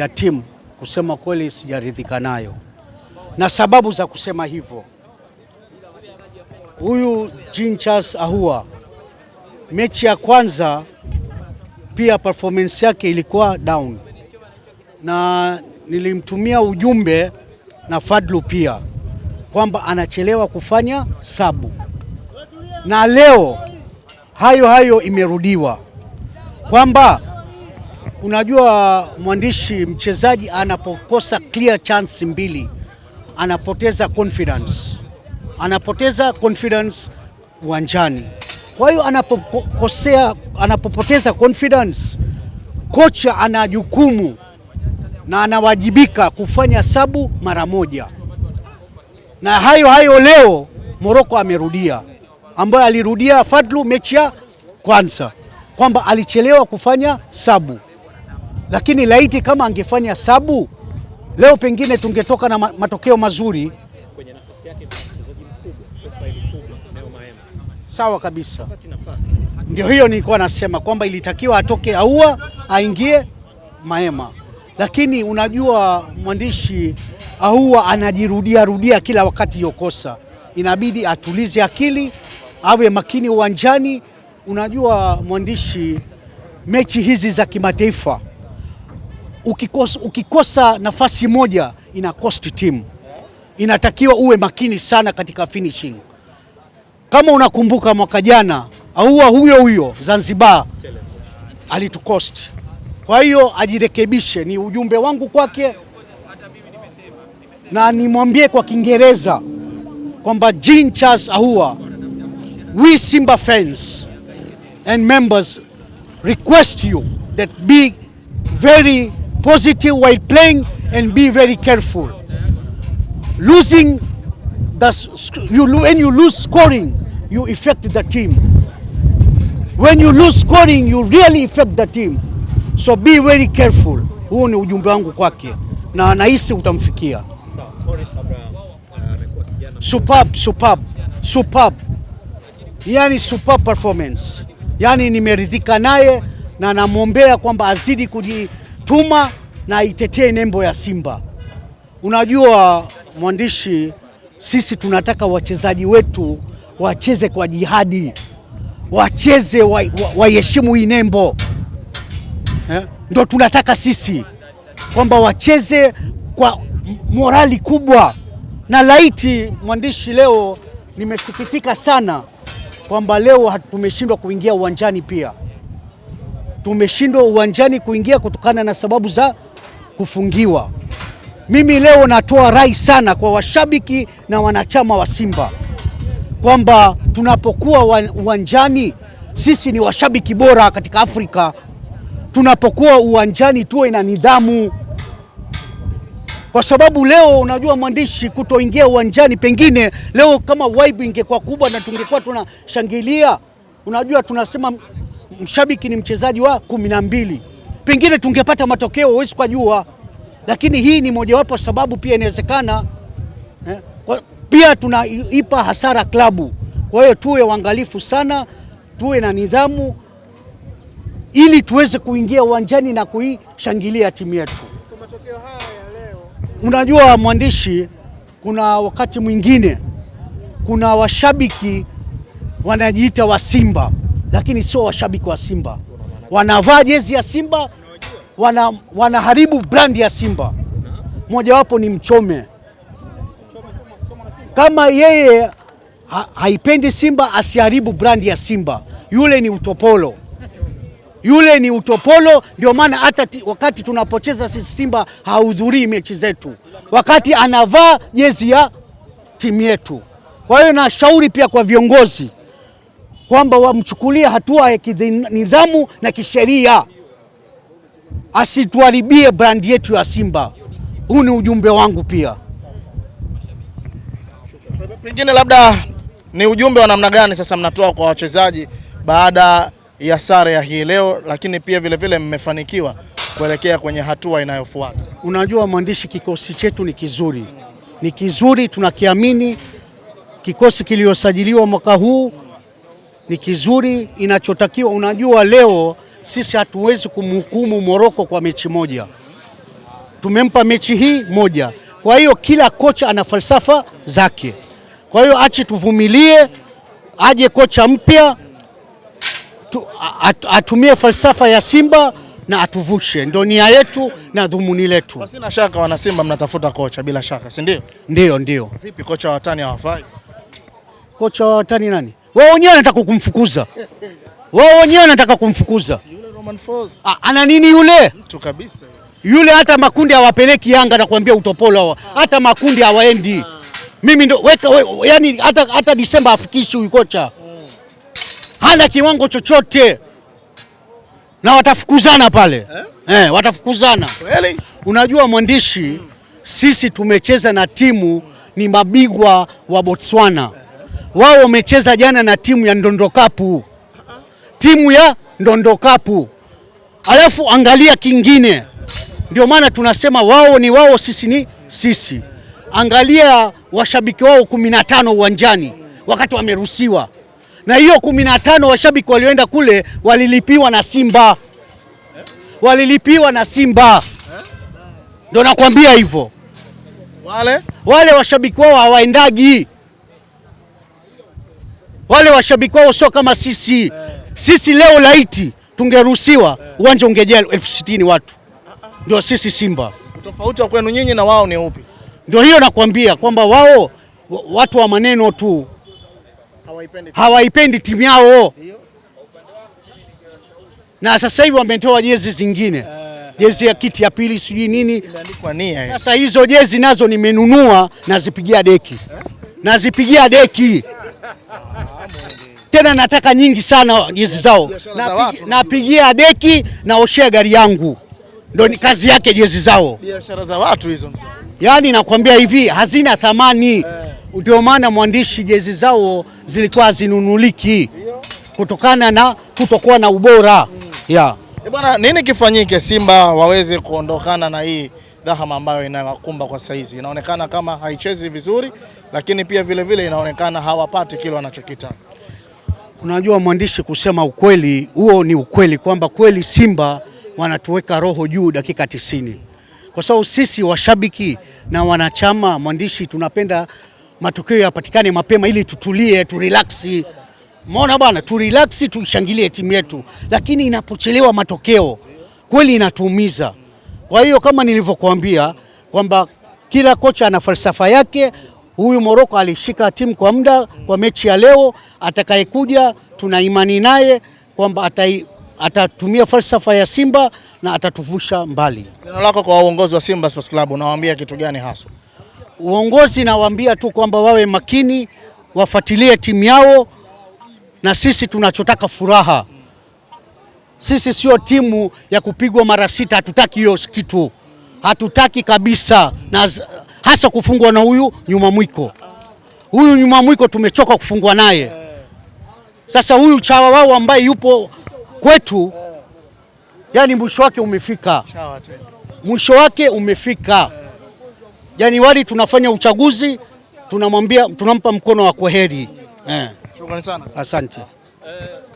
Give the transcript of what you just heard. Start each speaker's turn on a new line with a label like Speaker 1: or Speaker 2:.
Speaker 1: ya timu kusema kweli sijaridhika nayo, na sababu za kusema hivyo, huyu Jinchas ahua mechi ya kwanza pia performance yake ilikuwa down, na nilimtumia ujumbe na Fadlu pia kwamba anachelewa kufanya sabu, na leo hayo hayo imerudiwa kwamba Unajua mwandishi, mchezaji anapokosa clear chance mbili anapoteza confidence, anapoteza confidence uwanjani. Kwa hiyo anapokosea, anapopoteza confidence, kocha ana jukumu na anawajibika kufanya sabu mara moja, na hayo hayo leo Moroko amerudia, ambayo alirudia Fadlu mechi ya kwanza kwamba alichelewa kufanya sabu. Lakini laiti kama angefanya sabu leo, pengine tungetoka na matokeo mazuri. Kwenye nafasi yake mchezaji mkubwa, kubwa, Neo Maema, sawa kabisa. Ndio hiyo nilikuwa nasema kwamba ilitakiwa atoke aua aingie Maema, lakini unajua mwandishi, aua anajirudia rudia kila wakati yokosa, inabidi atulize akili, awe makini uwanjani. Unajua mwandishi, mechi hizi za kimataifa ukikosa, ukikosa nafasi moja ina cost team Inatakiwa uwe makini sana katika finishing. Kama unakumbuka mwaka jana aua huyo huyo Zanzibar alitukost. Kwa hiyo ajirekebishe, ni ujumbe wangu kwake, na nimwambie kwa Kiingereza kwamba Jean Charles Ahoua, we Simba fans and members request you that be very positive while playing and be very careful. Losing the you when you lose scoring, you affect the team. When you lose scoring, you really affect the team. So be very careful. Huo ni ujumbe wangu kwake na nahisi utamfikia. Superb, superb, superb. Yani superb performance. Yani nimeridhika naye na namwombea kwamba azidi kuji kujituma na aitetee nembo ya Simba. Unajua mwandishi, sisi tunataka wachezaji wetu wacheze kwa jihadi, wacheze waheshimu wa, wa hii nembo eh? Ndo tunataka sisi kwamba wacheze kwa morali kubwa. Na laiti mwandishi, leo nimesikitika sana kwamba leo tumeshindwa kuingia uwanjani pia tumeshindwa uwanjani kuingia kutokana na sababu za kufungiwa. Mimi leo natoa rai sana kwa washabiki na wanachama wa Simba kwamba tunapokuwa uwanjani, sisi ni washabiki bora katika Afrika. Tunapokuwa uwanjani tuwe na nidhamu, kwa sababu leo, unajua mwandishi, kutoingia uwanjani, pengine leo kama vibe ingekuwa kubwa na tungekuwa tunashangilia, unajua tunasema Mshabiki ni mchezaji wa kumi na mbili, pengine tungepata matokeo, huwezi kujua, lakini hii ni mojawapo sababu, pia inawezekana eh, pia tunaipa hasara klabu. Kwa hiyo tuwe waangalifu sana, tuwe na nidhamu ili tuweze kuingia uwanjani na kuishangilia timu yetu. unajua mwandishi, kuna wakati mwingine kuna washabiki wanajiita wa Simba lakini sio washabiki wa Simba. Wanavaa jezi ya Simba, wana, wanaharibu brandi ya Simba. Mojawapo ni Mchome. Kama yeye ha, haipendi Simba, asiharibu brandi ya Simba. Yule ni utopolo, yule ni utopolo. Ndio maana hata wakati tunapocheza sisi Simba hahudhurii mechi zetu, wakati anavaa jezi ya timu yetu. Kwa hiyo nashauri pia kwa viongozi kwamba wamchukulia hatua ya kinidhamu na kisheria, asituharibie brandi yetu ya Simba. Huu ni ujumbe wangu pia.
Speaker 2: Pengine labda ni ujumbe wa namna gani sasa mnatoa kwa wachezaji baada ya sare ya hii leo, lakini pia vile vile mmefanikiwa kuelekea kwenye hatua inayofuata?
Speaker 1: Unajua mwandishi, kikosi chetu ni kizuri, ni kizuri, tunakiamini kikosi kiliyosajiliwa mwaka huu ni kizuri inachotakiwa. Unajua, leo sisi hatuwezi kumhukumu Moroko kwa mechi moja, tumempa mechi hii moja. Kwa hiyo kila kocha ana falsafa zake, kwa hiyo achi tuvumilie, aje kocha mpya tu, at, atumie falsafa ya Simba na atuvushe, ndio nia yetu na dhumuni letu.
Speaker 2: Basi na shaka wana Simba mnatafuta kocha bila shaka, si ndio?
Speaker 1: Ndio, ndio.
Speaker 2: Vipi kocha wa watani hawafai?
Speaker 1: Kocha wa watani nani? Wao wenyewe wanataka kumfukuza. Wao wenyewe wanataka kumfukuza. Ah, ana nini yule? Mtu kabisa. Yule hata makundi hawapeleki Yanga na kuambia utopolo hawa. Ah. Hata makundi hawaendi. Ah. Mimi ndo weka we, yani hata hata Disemba afikishi huyu kocha. Hana kiwango chochote. Na watafukuzana pale. Eh, eh watafukuzana. Kweli? Unajua mwandishi, hmm. sisi tumecheza na timu ni mabingwa wa Botswana wao wamecheza jana na timu ya Ndondokapu, timu ya Ndondokapu. Alafu angalia kingine, ndio maana tunasema wao ni wao, sisi ni sisi. Angalia washabiki wao kumi na tano uwanjani wakati wameruhusiwa, na hiyo kumi na tano washabiki walioenda kule walilipiwa na Simba, walilipiwa na Simba. Ndio nakwambia hivyo, wale wale washabiki wao hawaendagi wale washabiki wao sio kama sisi. Eh. Sisi leo laiti tungeruhusiwa uwanja ungejaa elfu sitini watu, ndio sisi Simba.
Speaker 2: Tofauti kwenu nyinyi na wao ni upi?
Speaker 1: Ndio hiyo nakwambia kwamba wao watu wa maneno tu, hawaipendi timu yao, na sasa hivi wametoa jezi zingine eh. jezi ya kiti ya pili sijui nini. Sasa hizo jezi nazo nimenunua, nazipigia deki, eh? nazipigia deki tena nataka nyingi sana hizi zao, napigia na deki naoshea gari yangu, ndo kazi yake jezi zao. Biashara za watu hizo, yaani nakwambia hivi hazina thamani, eh. ndio eh. Maana mwandishi jezi zao zilikuwa hazinunuliki kutokana na kutokuwa na ubora mm.
Speaker 2: yeah. E bwana, nini kifanyike Simba waweze kuondokana na hii dhahama ambayo inawakumba kwa saizi. Inaonekana kama haichezi vizuri, lakini pia vile vile inaonekana hawapati kile wanachokitaka.
Speaker 1: Unajua mwandishi, kusema ukweli, huo ni ukweli kwamba kweli Simba wanatuweka roho juu dakika tisini, kwa sababu sisi washabiki na wanachama, mwandishi, tunapenda matokeo yapatikane mapema ili tutulie, turilaksi Mona bwana, turelaksi, tuishangilie timu yetu, lakini inapochelewa matokeo kweli inatuumiza. Kwa hiyo kama nilivyokuambia kwamba kila kocha ana falsafa yake. Huyu Moroko alishika timu kwa muda kwa mechi ya leo, atakayekuja tuna imani naye kwamba atatumia falsafa ya Simba na atatuvusha mbali.
Speaker 2: Neno lako kwa uongozi wa Simba Sports Club, unawaambia kitu gani hasa?
Speaker 1: Uongozi nawaambia tu kwamba wawe makini, wafuatilie timu yao, na sisi tunachotaka furaha sisi sio timu ya kupigwa mara sita, hatutaki hiyo kitu, hatutaki kabisa, na hasa kufungwa na huyu nyuma mwiko. Huyu nyuma mwiko tumechoka kufungwa naye. Sasa huyu chawa wao ambaye yupo kwetu, yani mwisho wake umefika, mwisho wake umefika. wali tunafanya uchaguzi, tunamwambia tunampa mkono wa kwaheri. Eh. Shukrani sana, asante. Eh,